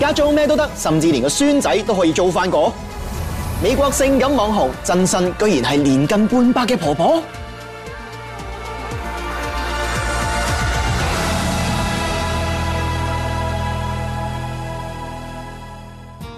而家租咩都得，甚至連個孫仔都可以租翻個。美國性感網紅真身居然係年近半百嘅婆婆。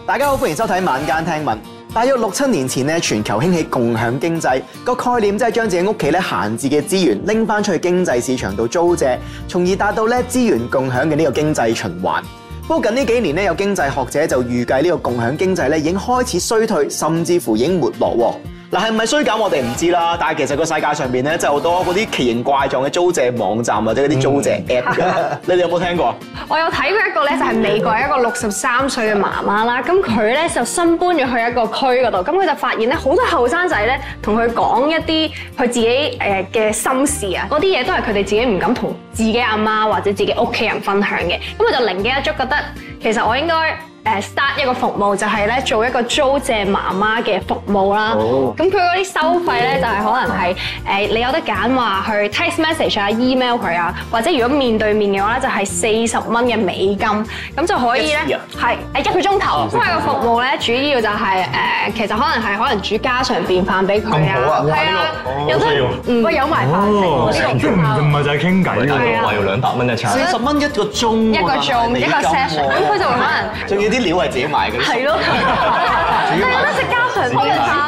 大家好，歡迎收睇晚間聽聞。大約六七年前咧，全球興起共享經濟個概念，即係將自己屋企咧閒置嘅資源拎翻出去經濟市場度租借，從而達到咧資源共享嘅呢個經濟循環。不過近呢幾年咧，有經濟學者就預計呢個共享經濟咧已經開始衰退，甚至乎已經沒落喎。嗱，係唔係虛假我哋唔知啦，但係其實個世界上面咧就好多嗰啲奇形怪狀嘅租借網站或者嗰啲租借 app，嗯、 你哋有冇聽過 我有睇過一個咧，就係美國一個六十三歲嘅媽媽啦，咁佢咧就新搬咗去一個區嗰度，咁佢就發現咧好多後生仔咧同佢講一啲佢自己誒嘅心事啊，嗰啲嘢都係佢哋自己唔敢同自己阿媽或者自己屋企人分享嘅，咁佢就靈機一觸，覺得其實我應該。誒 start 一個服務就係咧做一個租借媽媽嘅服務啦。咁佢嗰啲收費咧就係可能係誒你有得揀話去 text message 啊 email 佢啊，或者如果面對面嘅話咧就係四十蚊嘅美金，咁就可以咧係誒一個鐘頭。因為個服務咧主要就係誒其實可能係可能煮家常便飯俾佢啊，係啊，有得餵有埋飯食，即係唔係就係傾偈啊？話要兩百蚊一餐，四十蚊一個鐘一個鐘一個 session，咁佢就會可能。啲料係自己買嘅，係咯。自己買。成功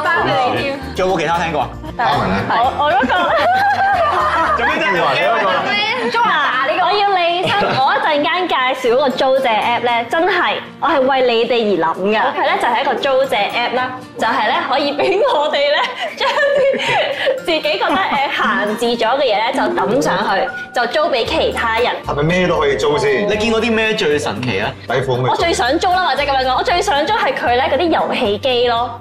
翻俾你添，仲有冇其他聽過啊？我我都講，做咩真係話你都講咧？就話嗱，我要你聽，我一陣間介紹嗰個租借 App 咧，真係我係為你哋而諗㗎。係咧，就係一個租借 App 啦，就係咧可以俾我哋咧將啲自己覺得誒閒置咗嘅嘢咧，就抌上去，就租俾其他人。係咪咩都可以租先？你見過啲咩最神奇啊？底房我最想租啦，或者咁樣講，我最想租係佢咧嗰啲遊戲機咯。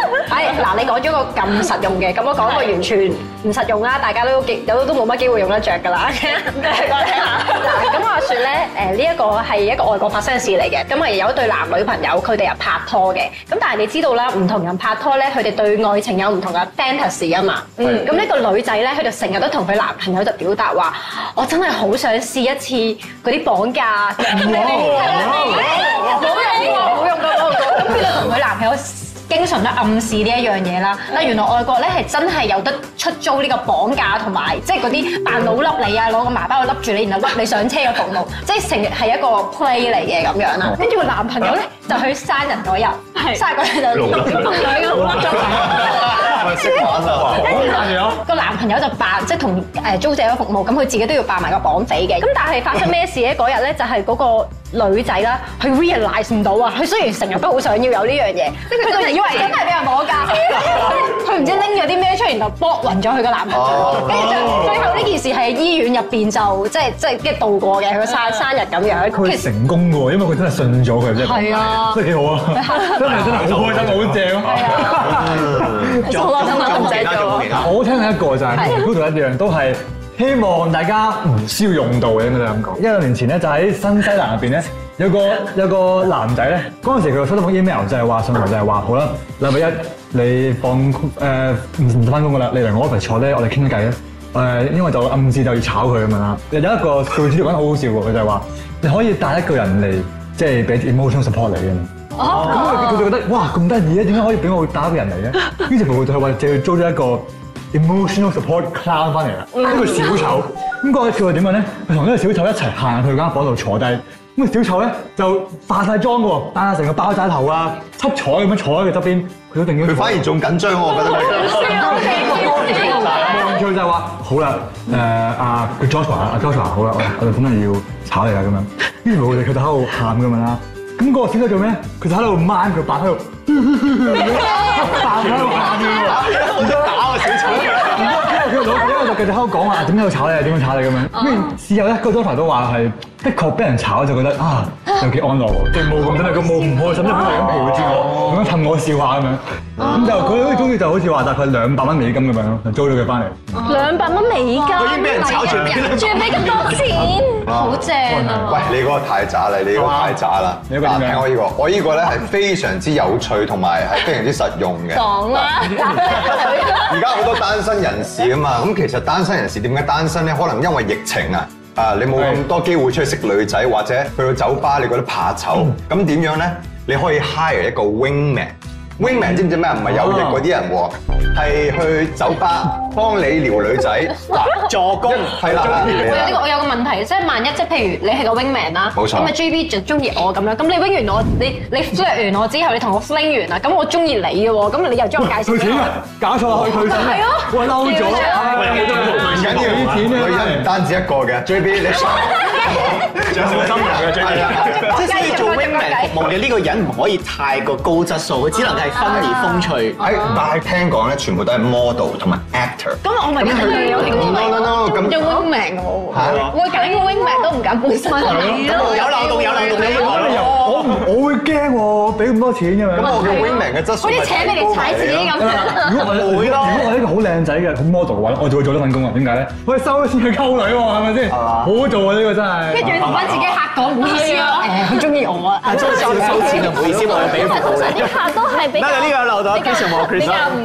嗱，你講咗個咁實用嘅，咁我講個完全唔實用啦！大家都幾有都冇乜機會用得著㗎啦。咁我話説咧，誒呢一個係一個外國發生事嚟嘅，咁啊有一對男女朋友，佢哋又拍拖嘅。咁但係你知道啦，唔同人拍拖咧，佢哋對愛情有唔同嘅 fantasy 啊嘛。嗯。咁呢個女仔咧，佢就成日都同佢男朋友就表達話，我真係好想試一次嗰啲綁架嘅嘢。冇用㗎，冇用㗎，咁佢同佢男朋友。經常都暗示呢一樣嘢啦，嗱，原來外國咧係真係有得出租呢個綁架同埋即係嗰啲扮老笠你啊，攞個麻包去笠住你，然後笠你上車嘅服務，即係成日係一個 play 嚟嘅咁樣啦。跟住個男朋友咧就去生日嗰日，生日嗰日就同啲女嘅合作，個男朋友就扮即係同誒租借個服務，咁佢自己都要扮埋個綁匪嘅。咁但係發生咩事咧？嗰日咧就係嗰個女仔啦，佢 realise 唔到啊！佢雖然成日都好想要有呢樣嘢，佢都係。真係俾人摸㗎，佢唔知拎咗啲咩出嚟，然後搏暈咗佢個男朋友。跟住最最後呢件事係喺醫院入邊就即係即係即係度過嘅，佢生生日咁樣，佢成功嘅喎，因為佢真係信咗佢，真係，真係幾好啊！真係真係好開心，好正啊！我聽到，一個就係同嗰度一樣，都係。希望大家唔需要用到嘅，應該咁講。一兩年前咧，就喺、是、新西蘭入邊咧，有個有個男仔咧，嗰陣時佢收到封 email，就係話信就係話：好啦，禮拜一你放工誒唔唔翻工嘅啦，你嚟我 office 坐低，我哋傾下偈啦。誒、呃，因為就暗示就要炒佢啊嘛。有一個故事講得好好笑喎，佢就係、是、話：你可以帶一個人嚟，即係俾 emotion support 你嘅。哦。咁佢、啊啊、就覺得哇咁得意啊？點解可以俾我帶一個人嚟咧？ 於是乎佢就係話就要租咗一個。Emotional support clown 翻嚟啦，跟住小丑，咁嗰個小丑係點嘅呢？佢同呢個小丑一齊行去間房度坐低，咁啊小丑呢，就化曬妝嘅喎，戴曬成個包紮頭啊，七彩咁樣坐喺佢側邊，佢一定要，佢反而仲緊張，我覺得。興趣？就話：好啦，誒啊，佢 Joshua，阿 Joshua，好啦，我哋本嚟要炒你啊，咁樣。跟住佢哋佢哋喺度喊咁樣。咁個小哥做咩？佢就喺度掹佢白喺度，喺度掹嘅，想打啊小丑，然之後就繼續喺度講話，點解要炒你，點樣炒你咁樣。試、啊 uh. 後咧，嗰、那個多才都話係的確俾人炒，就覺得啊。又幾安樂，個冇咁真係，個冇唔開心即係咁樣陪住我，咁樣氹我笑下咁樣，咁就佢好似中意就好似話大概兩百蚊美金咁樣咯，租咗佢翻嚟。兩百蚊美金，已經俾人炒住，邊度仲要俾咁多錢？好正啊！喂，你嗰個太渣啦，你嗰個太渣啦，你一個啱聽我呢個，我呢個咧係非常之有趣同埋係非常之實用嘅。講啦，而家好多單身人士啊嘛，咁其實單身人士點解單身咧？可能因為疫情啊。啊！你冇咁多機會出去識女仔，或者去到酒吧你覺得怕醜，咁點、嗯、樣呢？你可以 hire 一個 wingman。wing man 知唔知咩？唔係有約嗰啲人喎，係去酒吧幫你撩女仔、助攻係啦。我有啲，我有個問題，即係萬一即係譬如你係個 wing man 啦，冇錯咁啊，JB 就中意我咁樣，咁你 Wing 完我，你你 flirt 完我之後，你同我 fling 完啦，咁我中意你嘅喎，咁你又將我介紹？退錢啊！搞錯去去真係，哇嬲咗！我有好多呢錢啊？女人唔單止一個嘅，JB 你小心人啊！即係做 wing man，服務嘅呢個人唔可以太過高質素，只能係。新而風趣，但係聽講咧，全部都係 model 同埋 actor。咁我咪佢，no no no，咁 wingman 嘅喎，我揀個 wingman 都唔揀本身。有漏洞有漏洞，我我會驚喎，俾咁多錢嘅咩？咁我叫 wingman 嘅質素。好似請你哋踩自己咁。如果我如果我係一個好靚仔嘅 model 嘅話，我就會做呢份工啊？點解咧？喂，收咗錢去溝女喎，係咪先？好做啊！呢個真係。跟住同自己客講，唔好意思啊，佢中意我啊，中意我收錢就唔好意思，我俾服務你。通常啲客都係俾。嗱，呢個漏咗，非常冇，記得。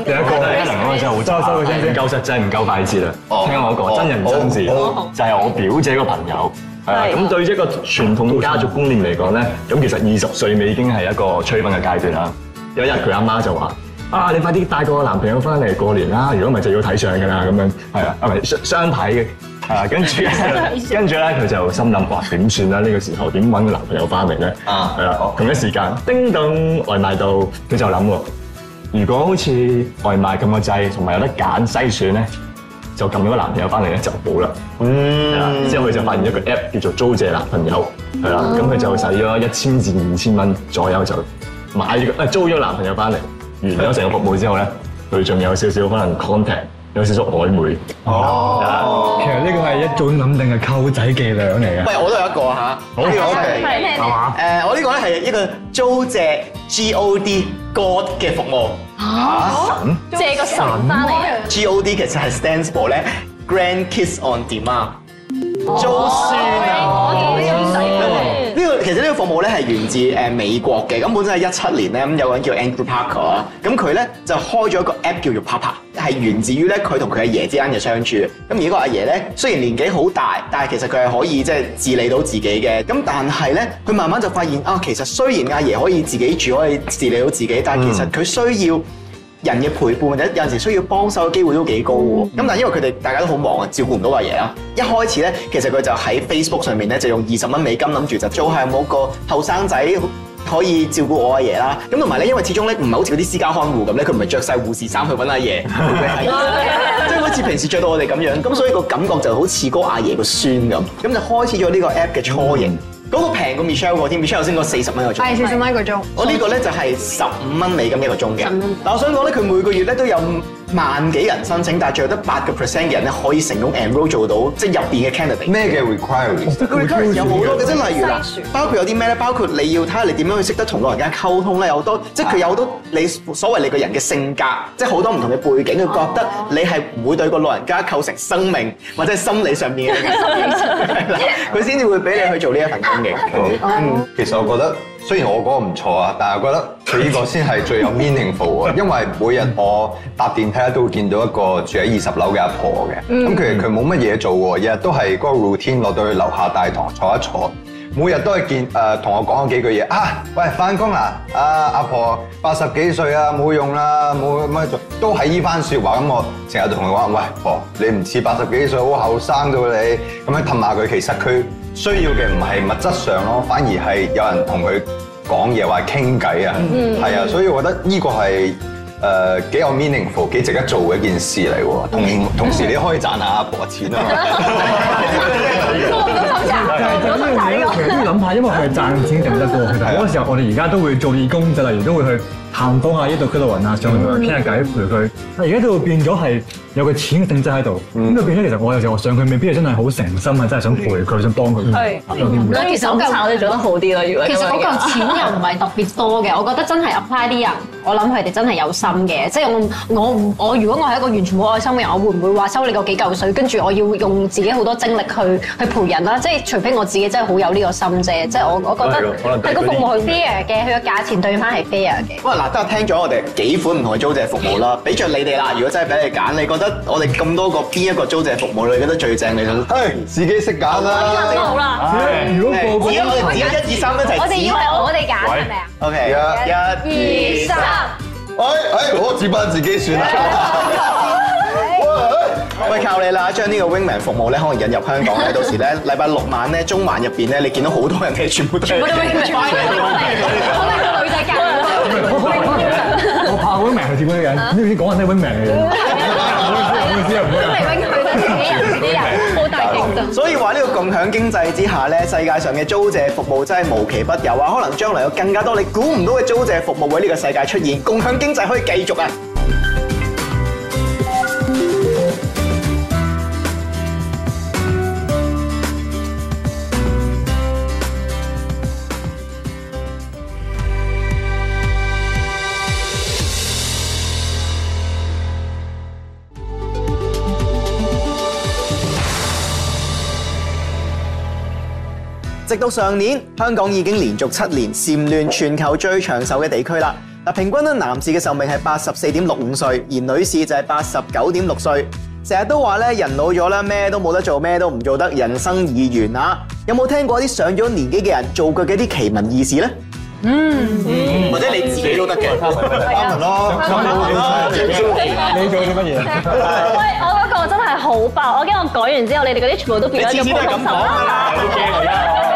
第一個真係一零，真係好真心，真係唔夠實際，唔夠快捷啊！聽我講，真人真事，就係我表姐個朋友。係。咁對於一個傳統家族觀念嚟講咧，咁其實二十歲尾已經係一個催婚嘅階段啦。有一日佢阿媽就話：啊，你快啲帶個男朋友翻嚟過年啦！如果唔係，就要睇相㗎啦。咁樣係啊，係咪雙相睇嘅？係 啊，跟住，跟住咧，佢就心諗，哇，點算咧？呢、這個時候點揾個男朋友翻嚟咧？啊，係啊，同、哦哦、一時間，叮當外賣到，佢就諗喎，如果好似外賣咁個掣，同埋有得揀篩選咧，就撳咗個男朋友翻嚟咧就好啦。嗯，之後佢就發現一個 app 叫做租借男朋友，係啦，咁佢、哦、就使咗一千至二千蚊左右就買咗，誒租咗男朋友翻嚟，完咗成個服務之後咧，佢仲有少少可能 content。有少少曖昧哦，其實呢個係一種諗定嘅溝仔伎倆嚟嘅。喂，我都有一個嚇。好，我嚟，係嘛？誒，我呢個咧係一個租借 G O D God 嘅服務。嚇，神，借個神翻嚟。G O D 其實係 stands for 咧 Grandkids on 點啊？租孫啊？呢個其實呢個服務咧係源自誒美國嘅。咁本身係一七年咧，咁有個人叫 Andrew Parker 啊，咁佢咧就開咗一個 app 叫做 Papa。係源自於咧，佢同佢阿爺之間嘅相處。咁而呢個阿爺咧，雖然年紀好大，但係其實佢係可以即係、就是、治理到自己嘅。咁但係咧，佢慢慢就發現啊，其實雖然阿爺可以自己住，可以治理到自己，但係其實佢需要人嘅陪伴，或者有陣時需要幫手嘅機會都幾高喎。咁、嗯嗯、但係因為佢哋大家都好忙啊，照顧唔到阿爺啊。一開始咧，其實佢就喺 Facebook 上面咧，就用二十蚊美金諗住就做下冇個後生仔。可以照顧我阿爺啦，咁同埋咧，因為始終咧唔係好似嗰啲私家看護咁咧，佢唔係着晒護士衫去揾阿爺，即係好似平時着到我哋咁樣，咁所以個感覺就好似嗰阿爺個孫咁，咁就開始咗呢個 app 嘅初型。嗰、嗰個平過 Michelle 個添，Michelle 先個四十蚊個鐘，係四十蚊個鐘。我呢個咧就係十五蚊美金一個鐘嘅。但我想講咧，佢每個月咧都有。萬幾人申請，但係仲有得八個 percent 嘅人咧可以成功 enroll 做到，即係入邊嘅 candidate。咩嘅 requirement？佢而家有好多嘅，即例如啦，草包括有啲咩咧？包括你要睇下你點樣去識得同老人家溝通咧，有好多，即係佢有好多你所謂你個人嘅性格，即係好多唔同嘅背景，佢覺得你係唔會對個老人家構成生命或者係心理上面嘅，佢先至會俾你去做呢一份工業。嗯，其實我覺得。雖然我嗰個唔錯啊，但我覺得佢呢個先係最有 meaningful 啊，因為每日我搭電梯都會見到一個住喺二十樓嘅阿婆嘅，咁、嗯、其實佢冇乜嘢做喎，日日都係嗰個 routine 落到去樓下大堂坐一坐，每日都係見誒同、呃、我講咗幾句嘢啊，喂翻工啦，啊阿婆八十幾歲啊，冇用啦，冇乜做，都係依番説話，咁我成日同佢講，喂婆你唔似八十幾歲，好後生到你，咁樣氹下佢其實佢。需要嘅唔係物質上咯，反而係有人同佢講嘢或傾偈啊，係啊，所以我覺得呢個係誒幾有 meaningful、幾值得做嘅一件事嚟喎。同同時你可以賺下阿婆錢啊嘛，呢都就要諗下，因為佢係賺錢得多。嗰個時候我哋而家都會做義工，就例如都會去。行到阿呢度嗰度雲啊，上去同佢傾下偈陪佢。而家都會變咗係有個錢嘅定質喺度，咁就、嗯、變咗其實我有時候我上佢未必係真係好誠心啊，真係想陪佢想幫佢。係其實咁殘，我哋做得好啲啦。其實嗰嚿錢又唔係特別多嘅， 我覺得真係 apply 啲人，我諗佢哋真係有心嘅。即係我我如果我係一個完全冇愛心嘅人，我會唔會話收你個幾嚿水，跟住我要用自己好多精力去去陪人啦？即係除非我自己真係好有呢個心啫。嗯、即係我我覺得係個服務係 fair 嘅，佢個的價錢對翻係 fair 嘅。都係聽咗我哋幾款唔同嘅租借服務啦，俾着你哋啦。如果真係俾你揀，你覺得我哋咁多個邊一個租借服務你覺得最正？你想？誒，自己識揀啦。好啦。如果我，哋一二三我哋以係我哋揀係咪啊？O K，一、二、三。誒我自問自己算啦！喂喂，靠你啦！將呢個 Wingman 服務咧，可能引入香港咧，到時咧，禮拜六晚咧，中環入邊咧，你見到好多人咧，全部都。全部都 Wingman。快啲啦！好靚嘅女仔夾 啊！搵命係貼人，你知唔知講係啲揾命嘅人？唔好意思啊，都係揾佢嘅啲人，好大競爭。所以話呢個共享經濟之下呢，世界上嘅租借服務真係無奇不有啊！可能將來有更加多你估唔到嘅租借服務喺呢個世界出現，共享經濟可以繼續啊！直到上年，香港已經連續七年蟬聯全球最長壽嘅地區啦。嗱，平均咧，男士嘅壽命係八十四點六五歲，而女士就係八十九點六歲。成日都話咧，人老咗啦，咩都冇得做，咩都唔做得，人生已完啊，有冇聽過啲上咗年紀嘅人做過嘅啲奇聞異事咧？嗯，或者你自己都得嘅。阿文咯，阿文你做咗乜嘢？喂，我嗰個真係好爆！我驚我改完之後，你哋嗰啲全部都變咗知唔知都咁講啦。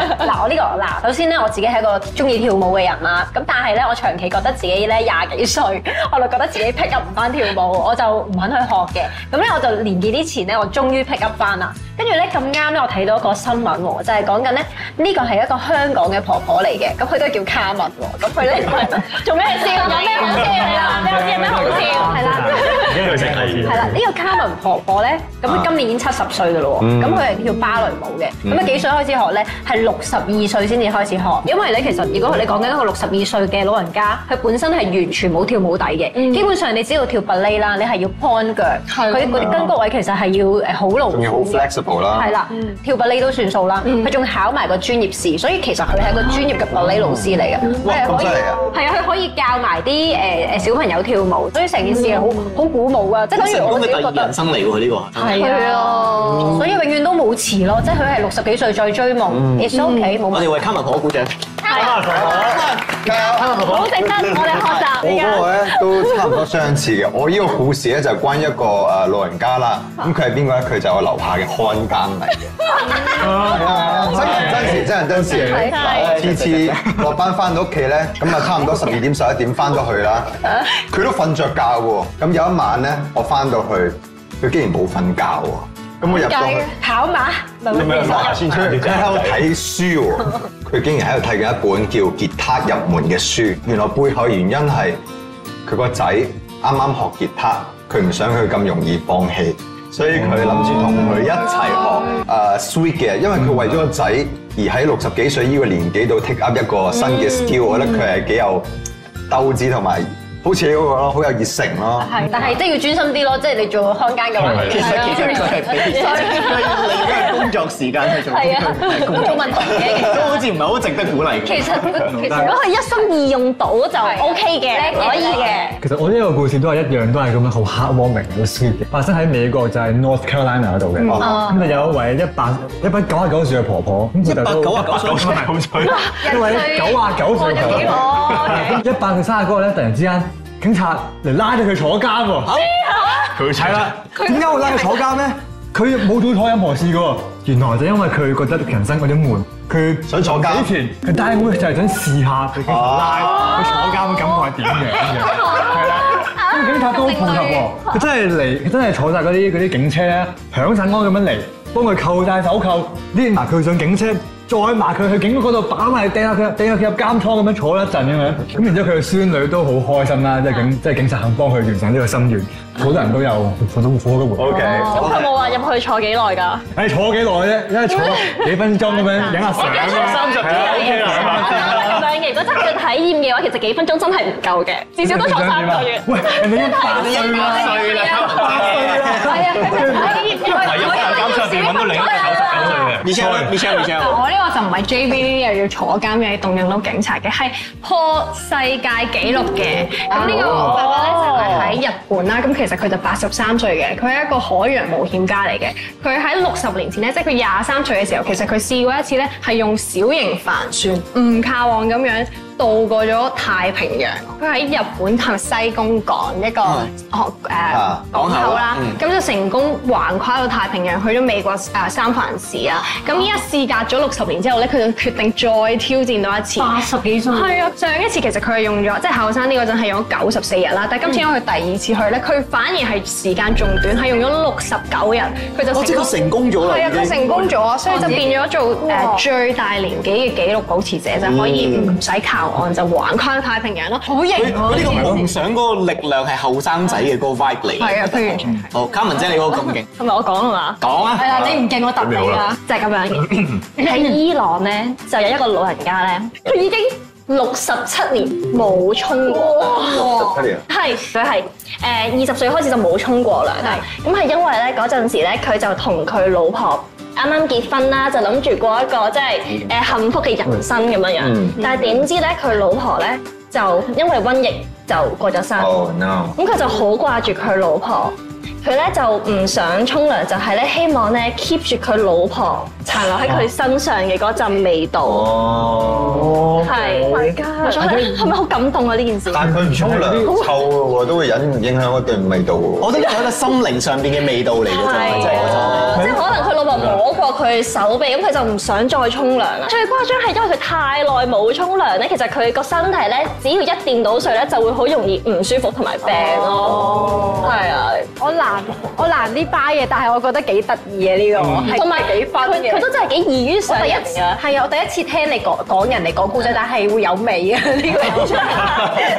嗱我呢個嗱，首先咧我自己係一個中意跳舞嘅人啦，咁但係咧我長期覺得自己咧廿幾歲，我就覺得自己 pick up 唔翻跳舞，我就唔肯去學嘅。咁咧我就年紀啲前咧，我終於 pick up 翻啦。跟住咧咁啱咧，我睇到一個新聞喎，就係講緊咧呢個係一個香港嘅婆婆嚟嘅，咁佢都叫嘉雯喎。咁佢咧做咩事？有咩好笑？你有咩好笑了？係啦， 因為佢識藝。係啦，呢個嘉雯婆婆咧，咁佢、啊、今年已經七十歲噶咯喎。咁佢係跳芭蕾舞嘅。咁佢、嗯、幾歲開始學咧？係六十二歲先至開始學，因為咧其實如果你講緊一個六十二歲嘅老人家，佢本身係完全冇跳舞底嘅。Mm hmm. 基本上你知道跳芭蕾啦，你係要 point 腳，佢啲筋骨位其實係要誒好牢固，仲要好 flexible 啦。係啦，跳芭蕾都算數啦，佢仲、mm hmm. 考埋個專業試，所以其實佢係個專業嘅芭蕾老師嚟嘅。哇、mm，咁、hmm. 真係啊！係啊，佢可以教埋啲誒誒小朋友跳舞，所以成件事係好好鼓舞啊！即係當然我都覺得第二人生嚟喎，呢個係啊，對嗯、所以永遠都冇遲咯，即係佢係六十幾歲再追夢，It's okay，冇問題。我哋為卡文婆婆鼓掌。加油！好值得，我哋學習。我嗰個咧都差唔多相似嘅。我呢個故事咧就關於一個誒老人家啦。咁佢係邊個咧？佢就係我樓下嘅看更嚟嘅。真係真事，真係真事。次次落班翻到屋企咧，咁啊差唔多十二點十一點翻到去啦。佢都瞓着覺喎。咁有一晚咧，我翻到去，佢竟然冇瞓覺喎。咁我入到跑馬，唔係跑馬先出嚟。佢喺度睇書喎，佢 竟然喺度睇緊一本叫《吉他入門》嘅書。原來背後的原因係佢個仔啱啱學吉他，佢唔想佢咁容易放棄，所以佢諗住同佢一齊學。誒、嗯嗯啊、sweet 因為佢為咗個仔而喺六十幾歲呢個年紀到 take up 一個新嘅 skill，、嗯嗯、我覺得佢係幾有鬥志同埋。好似嗰個咯，好有熱誠咯。但係即係要專心啲咯，即係你做看更咁樣。其實其實係俾別生，你而家係工作時間喺度。係啊，都冇問題嘅。都好似唔係好值得鼓勵。其實其實如果佢一心二用到就 OK 嘅，可以嘅。其實我呢個故事都係一樣，都係咁樣好 heartwarming 嘅事嘅，發生喺美國就係 North Carolina 度嘅。咁就有一位一百一百九十九歲嘅婆婆，咁突然到九啊九歲，因為九啊九歲。哦，幾多？一百零三啊，嗰個咧突然之間。警察嚟拉咗佢坐監喎，佢睇啦，點解會拉佢坐監呢？佢冇 做錯任何事嘅，原來就因為佢覺得人生嗰啲悶，佢想坐監。 以前佢但係會就係想試下被警察拉，佢坐監嘅感覺係點嘅？係啦，啲警察都配合喎，佢真係嚟，佢真係坐曬嗰啲嗰啲警車咧，響震安咁樣嚟幫佢扣戴手銬，拎埋佢上警車。再罵佢去警局嗰度把埋，掟下佢，掟下佢入監倉咁樣坐一陣咁樣。咁然之後佢嘅孫女都好開心啦，即係警，即係警察肯幫佢完成呢個心願，好多人都有火嘅火都活。O K。咁佢冇話入去坐幾耐㗎？誒，坐幾耐啫？坐幾分鐘咁樣，影下相咁三十係啊，咁樣嘅。如果真係體驗嘅話，其實幾分鐘真係唔夠嘅，至少都坐三個月。喂，你要睇唔睇？你啦！係啊，係啊，以 我，呢個就唔係 J B 呢啲又要坐監嘅、要動用到警察嘅，係破世界紀錄嘅。咁呢、oh. 個爸爸咧就係、是、喺日本啦。咁其實佢就八十三歲嘅，佢係一個海洋冒險家嚟嘅。佢喺六十年前咧，即係佢廿三歲嘅時候，其實佢試過一次咧，係用小型帆船唔靠岸咁樣。渡過咗太平洋，佢喺日本同西宮港一個哦誒、嗯、港口啦，咁就、嗯、成功橫跨到太平洋，去咗美國誒三藩市啊。咁依家事隔咗六十年之後咧，佢就決定再挑戰到一次。八十幾歲係啊！上一次其實佢係用咗即係後生呢個陣係用咗九十四日啦，但係今次佢第二次去咧，佢反而係時間仲短，係用咗六十九日，佢就即刻成功咗啦！係啊，佢成功咗，功你所以就變咗做誒最大年紀嘅紀錄保持者，嗯、就可以唔使靠。就橫跨太平洋咯，好型喎！呢個夢想嗰個力量係後生仔嘅嗰個 vibe 嚟嘅，係啊，推完全係。好，嘉雯姐你嗰個咁勁。係咪我講啊嘛？講啊！係啊，你唔勁我揼你啊！就係咁樣嘅。喺伊朗咧，就有一個老人家咧，佢已經六十七年冇沖過涼。六十七年啊！係，佢係誒二十歲開始就冇沖過涼嘅，咁係因為咧嗰陣時咧，佢就同佢老婆。啱啱結婚啦，就諗住過一個即係誒幸福嘅人生咁樣樣，嗯、但係點知咧佢、嗯、老婆咧就因為瘟疫就過咗生，咁佢、哦 no. 就好掛住佢老婆。嗯佢咧就唔想沖涼，就係、是、咧希望咧 keep 住佢老婆殘留喺佢身上嘅嗰陣味道。哦，係，唔係㗎？係咪好感動啊？呢件事，但佢唔沖涼，難臭喎，都會影影響一段味道喎、啊。 我都係喺個心靈上邊嘅味道嚟嘅就啫，即係可能佢老婆摸過佢手臂，咁佢就唔想再沖涼啦。最誇張係因為佢太耐冇沖涼咧，其實佢個身體咧只要一掂到水咧，就會好容易唔舒服同埋病咯、oh. 係啊，我我難啲巴嘢，但係我覺得幾得意啊！呢個同埋幾 fun 嘅，佢都真係幾異於常人啊！係啊，我第一次聽你講講人嚟講故仔，但係會有味啊！呢個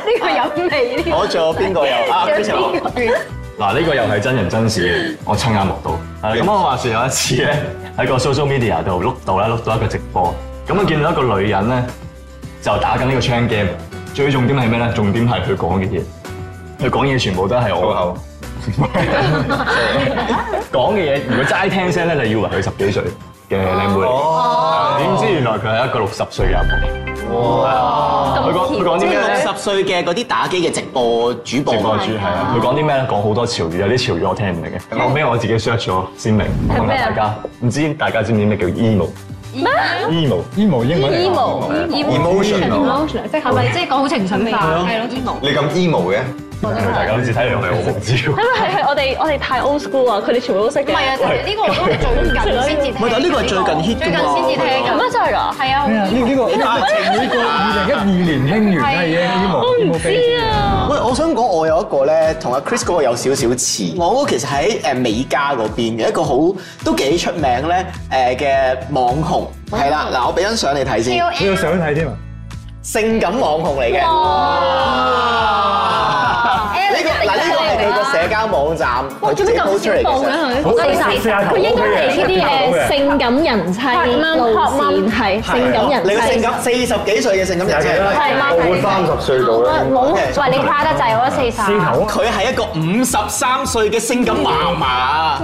呢個有味，我仲有邊個又啊？邊個？嗱，呢個又係真人真事嘅，我親眼目睹。咁我話說有一次咧，喺個 social media 度碌到啦，碌到一個直播，咁啊見到一個女人咧就打緊呢個槍 game，最重點係咩咧？重點係佢講嘅嘢，佢講嘢全部都係我口。講嘅嘢，如果齋聽聲咧，你以為佢十幾歲嘅靚妹，點知原來佢係一個六十歲嘅阿婆。哇！佢講佢講啲咩六十歲嘅嗰啲打機嘅直播主播，主播主係啊！佢講啲咩咧？講好多潮語，有啲潮語我聽唔明嘅。後屘我自己 search 咗先明，好唔好啊？大家唔知大家知唔知咩叫 emo？咩？emo emo 英文 emotion emotion 即係咪即係講好情緒化？係咯，emo。你咁 emo 嘅？大家好似睇嚟又我唔知，因為。係係係，我哋我哋太 old school 啊！佢哋全部都識嘅。唔係啊，呢個係最近先至。唔係，呢個係最近 hit 㗎，最近先至聽咁啊！咁真係㗎，係啊。呢呢個呢個二零一二年興完係嘅呢，我唔知啊。喂，我想講，我有一個咧，同阿 Chris 個有少少似。我嗰其實喺誒美加嗰邊嘅一個好都幾出名咧，誒嘅網紅係啦。嗱，我俾張相你睇先。你要相睇添啊？性感網紅嚟嘅。社交網站，哇！做咩咁小眾嘅佢？四十四，佢應該係呢啲誒性感人妻、拍片係性感人妻。你個性感？四十幾歲嘅性感人妻，係咪？我會三十歲到啦。老。喂，你誇得滯，我得四十。佢係一個五十三歲嘅性感嫲嫲。嫲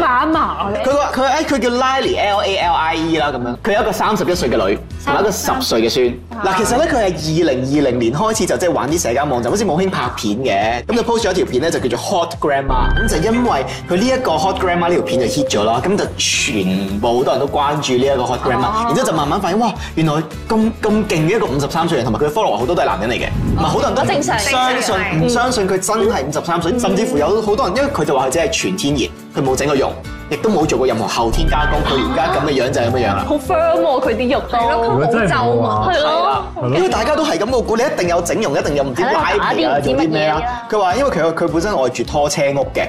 嫲嫲佢個佢誒佢叫 Lily L A L E 啦，咁樣。佢有一個三十一歲嘅女，有一個十歲嘅孫。嗱，其實咧，佢係二零二零年開始就即係玩啲社交網站，好似冇興拍片嘅，咁就 post 咗條。片咧就叫做 Hot Grandma，咁就因為佢呢一個 Hot Grandma 呢條片就 hit 咗啦，咁就全部好多人都關注呢一個 Hot Grandma，啊、然之後就慢慢發現哇，原來咁咁勁嘅一個五十三歲人，同埋佢 follow 好多都係男人嚟嘅，唔係好多人都正常相信唔正常相信佢真係五十三歲，嗯、甚至乎有好多人因為佢就話佢真係全天然，佢冇整過容。亦都冇做過任何後天加工，佢而家咁嘅樣就係咁樣啦。好 firm 喎，佢啲肉，係咯，佢好皺啊，係咯。啊、因為大家都係咁個估，你一定有整容，一定有唔知拉皮啊，做啲咩啊？佢話麼因為佢佢本身愛住拖車屋嘅。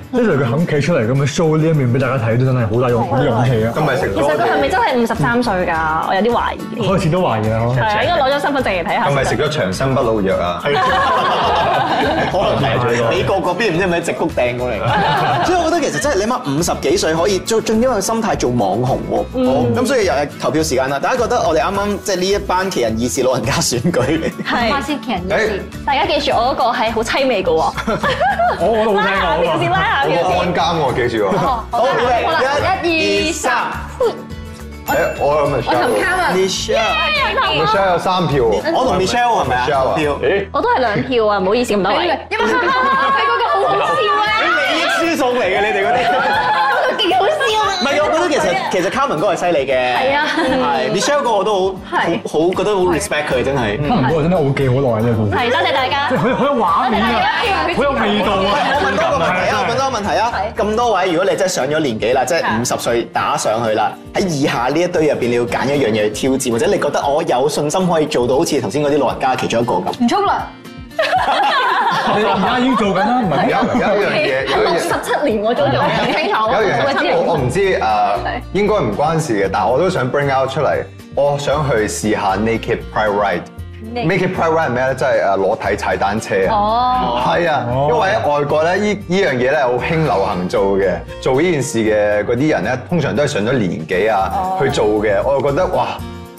呢係佢肯企出嚟咁樣 show 呢一面俾大家睇，都真係好大勇氣啊！今日食？其實佢係咪真係五十三歲㗎？我有啲懷疑。開始都懷疑啊！係啊，應該攞咗身份證嚟睇下。係咪食咗長生不老藥啊？可能大咗。美國嗰邊唔知係咪直谷掟過嚟？所以我覺得其實真係你乜五十幾歲可以盡盡啲咁心態做網紅喎。咁所以又投票時間啦！大家覺得我哋啱啱即係呢一班奇人異事老人家選舉係奇人異事。大家記住，我嗰個係好凄美嘅喎。我覺得好喎。有個安監我記住喎。好啦，一、一、二、三。誒，我唔係。我同嘉雯。Michelle，Michelle 有三票，我同 Michelle 係咪啊？票，我都係兩票啊！唔好意思，咁多位。因為因為因為嗰個好好笑啊！你利益輸送嚟嘅，你哋嗰啲。其實嘉雯哥係犀利嘅，係 Michelle 哥我都好，好覺得好 respect 佢，真係嘉雯哥真係好，記好耐嘅真係。係，多謝大家。即係可以可以畫面啊，好有味道啊！我問多個問題啊，我問多個問題啊。咁多位，如果你真係上咗年紀啦，即係五十歲打上去啦，喺以下呢一堆入邊，你要揀一樣嘢去挑戰，或者你覺得我有信心可以做到，好似頭先嗰啲老人家其中一個？唔出啦。 你而家已經做緊啦，唔係對有有一樣嘢，十七年我都做唔清楚，我我唔知誒，的應該唔關事嘅，但係我都想 bring out 出嚟，我想去試下 naked pride ride，naked pride ride 係咩咧？即係誒裸體踩單車啊，係啊、oh.，因為喺外國咧，依依樣嘢咧好興流行做嘅，做呢件事嘅嗰啲人咧，通常都係上咗年紀啊去做嘅，我就覺得哇。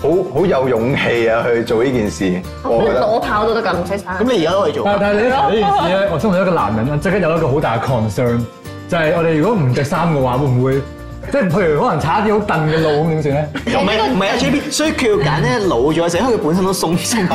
好好有勇氣啊，去做呢件事，我覺得。裸跑都得㗎，唔使衫。咁你而家都可以做。但係你呢件事咧，我作為一個男人咧，即刻有一個好大嘅 concern，就係我哋如果唔着衫嘅話，會唔會即係譬如可能踩啲好凳嘅路咁點算咧？唔係唔係啊 c h i B，所以佢要揀咧老咗，成因為佢本身都鬆啲身體。